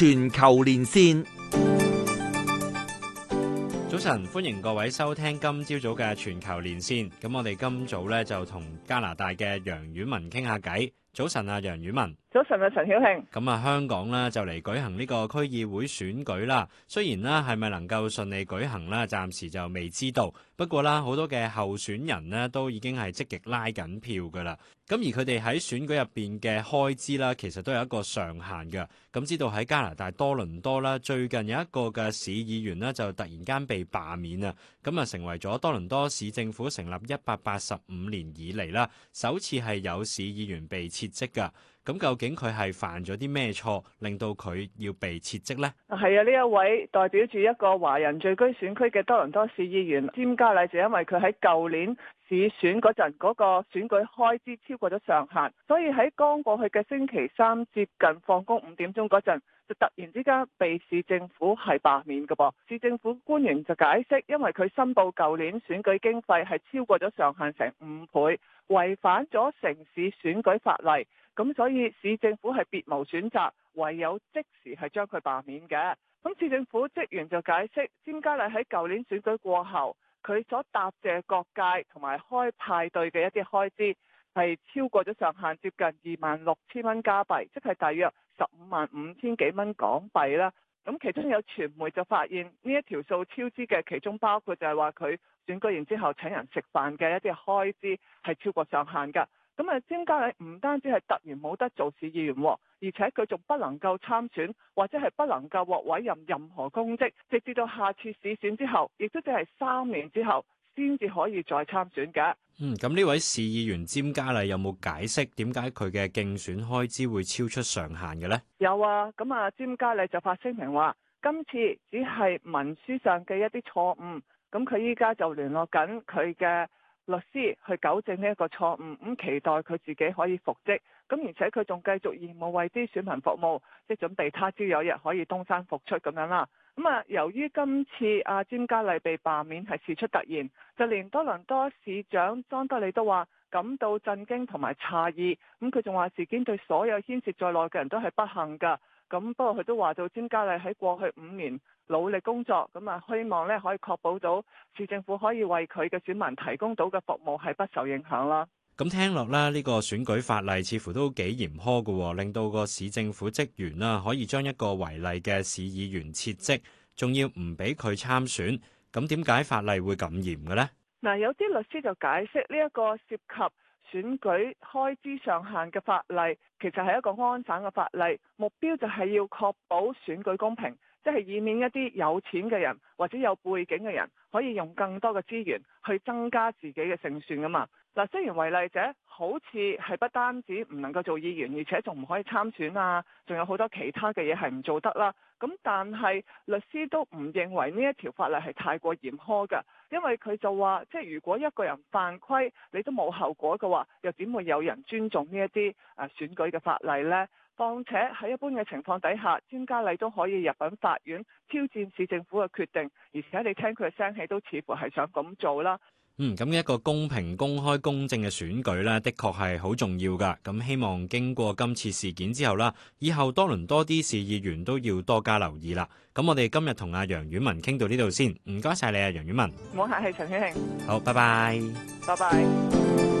全球連線，早晨，歡迎各位收聽今朝早嘅全球連線。咁我哋今早咧就同加拿大嘅楊婉文傾下偈。早晨啊，楊婉文。早晨，我陳曉慶。咁啊，香港咧就嚟舉行呢個區議會選舉啦。雖然啦，係咪能夠順利舉行啦？暫時就未知道。不過啦，好多嘅候選人呢都已經係積極拉緊票噶啦。咁而佢哋喺選舉入邊嘅開支啦，其實都有一個上限㗎。咁知道喺加拿大多倫多啦，最近有一個嘅市議員呢就突然間被罷免啊。咁啊，成為咗多倫多市政府成立一百八十五年以嚟啦，首次係有市議員被撤職㗎。咁究竟佢係犯咗啲咩錯，令到佢要被撤職呢？係啊，呢一位代表住一個華人聚居選區嘅多倫多市議員詹嘉麗，就因為佢喺舊年市選嗰陣嗰個選舉開支超過咗上限，所以喺剛過去嘅星期三接近放工五點鐘嗰陣，就突然之間被市政府係罷免嘅噃，市政府官員就解釋，因為佢申報舊年選舉經費係超過咗上限成五倍，違反咗城市選舉法例，咁所以市政府係別無選擇，唯有即時係將佢罷免嘅。咁市政府職員就解釋，詹佳麗喺舊年選舉過後，佢所答謝各界同埋開派對嘅一啲開支。係超過咗上限，接近二萬六千蚊加幣，即係大約十五萬五千幾蚊港幣啦。咁其中有傳媒就發現呢一條數超支嘅，其中包括就係話佢選舉完之後請人食飯嘅一啲開支係超過上限㗎。咁啊，詹家偉唔單止係突然冇得做市議員，而且佢仲不能夠參選，或者係不能夠獲委任任何公職，直至到下次市選之後，亦都即係三年之後。先至可以再參選㗎。嗯，咁呢位市議員詹嘉麗有冇解釋點解佢嘅競選開支會超出上限嘅呢？有啊，咁啊，詹嘉麗就發聲明話，今次只係文書上嘅一啲錯誤，咁佢依家就聯絡緊佢嘅律師去糾正呢一個錯誤，咁、嗯、期待佢自己可以復職，咁而且佢仲繼續義務為啲選民服務，即係準備他朝有日可以東山復出咁樣啦。咁啊，由於今次阿詹嘉麗被罷免係事出突然，就連多倫多市長莊德利都話感到震驚同埋詫異。咁佢仲話事件對所有牽涉在內嘅人都係不幸噶。咁不過佢都話到詹嘉麗喺過去五年努力工作，咁啊希望咧可以確保到市政府可以為佢嘅選民提供到嘅服務係不受影響啦。咁聽落啦，呢個選舉法例似乎都幾嚴苛㗎，令到個市政府職員啦可以將一個違例嘅市議員撤職，仲要唔俾佢參選。咁點解法例會咁嚴嘅呢？嗱，有啲律師就解釋呢一個涉及選舉開支上限嘅法例，其實係一個安省嘅法例，目標就係要確保選舉公平，即係以免一啲有錢嘅人或者有背景嘅人可以用更多嘅資源去增加自己嘅勝算㗎嘛。嗱，雖然違例者好似係不單止唔能夠做議員，而且仲唔可以參選啊，仲有好多其他嘅嘢係唔做得的啦。咁但係律師都唔認為呢一條法例係太過嚴苛嘅，因為佢就話，即係如果一個人犯規，你都冇後果嘅話，又點會有人尊重呢一啲啊選舉嘅法例呢？況且喺一般嘅情況底下，專家你都可以入稟法院挑戰市政府嘅決定，而且你聽佢嘅聲氣都似乎係想咁做啦。嗯，咁嘅一個公平、公開、公正嘅選舉呢，的確係好重要噶。咁希望經過今次事件之後啦，以後多倫多啲市議員都要多加留意啦。咁我哋今日同阿楊婉文傾到呢度先，唔該曬你啊，楊婉文。唔好客氣，陳曉慶。好，拜拜。拜拜。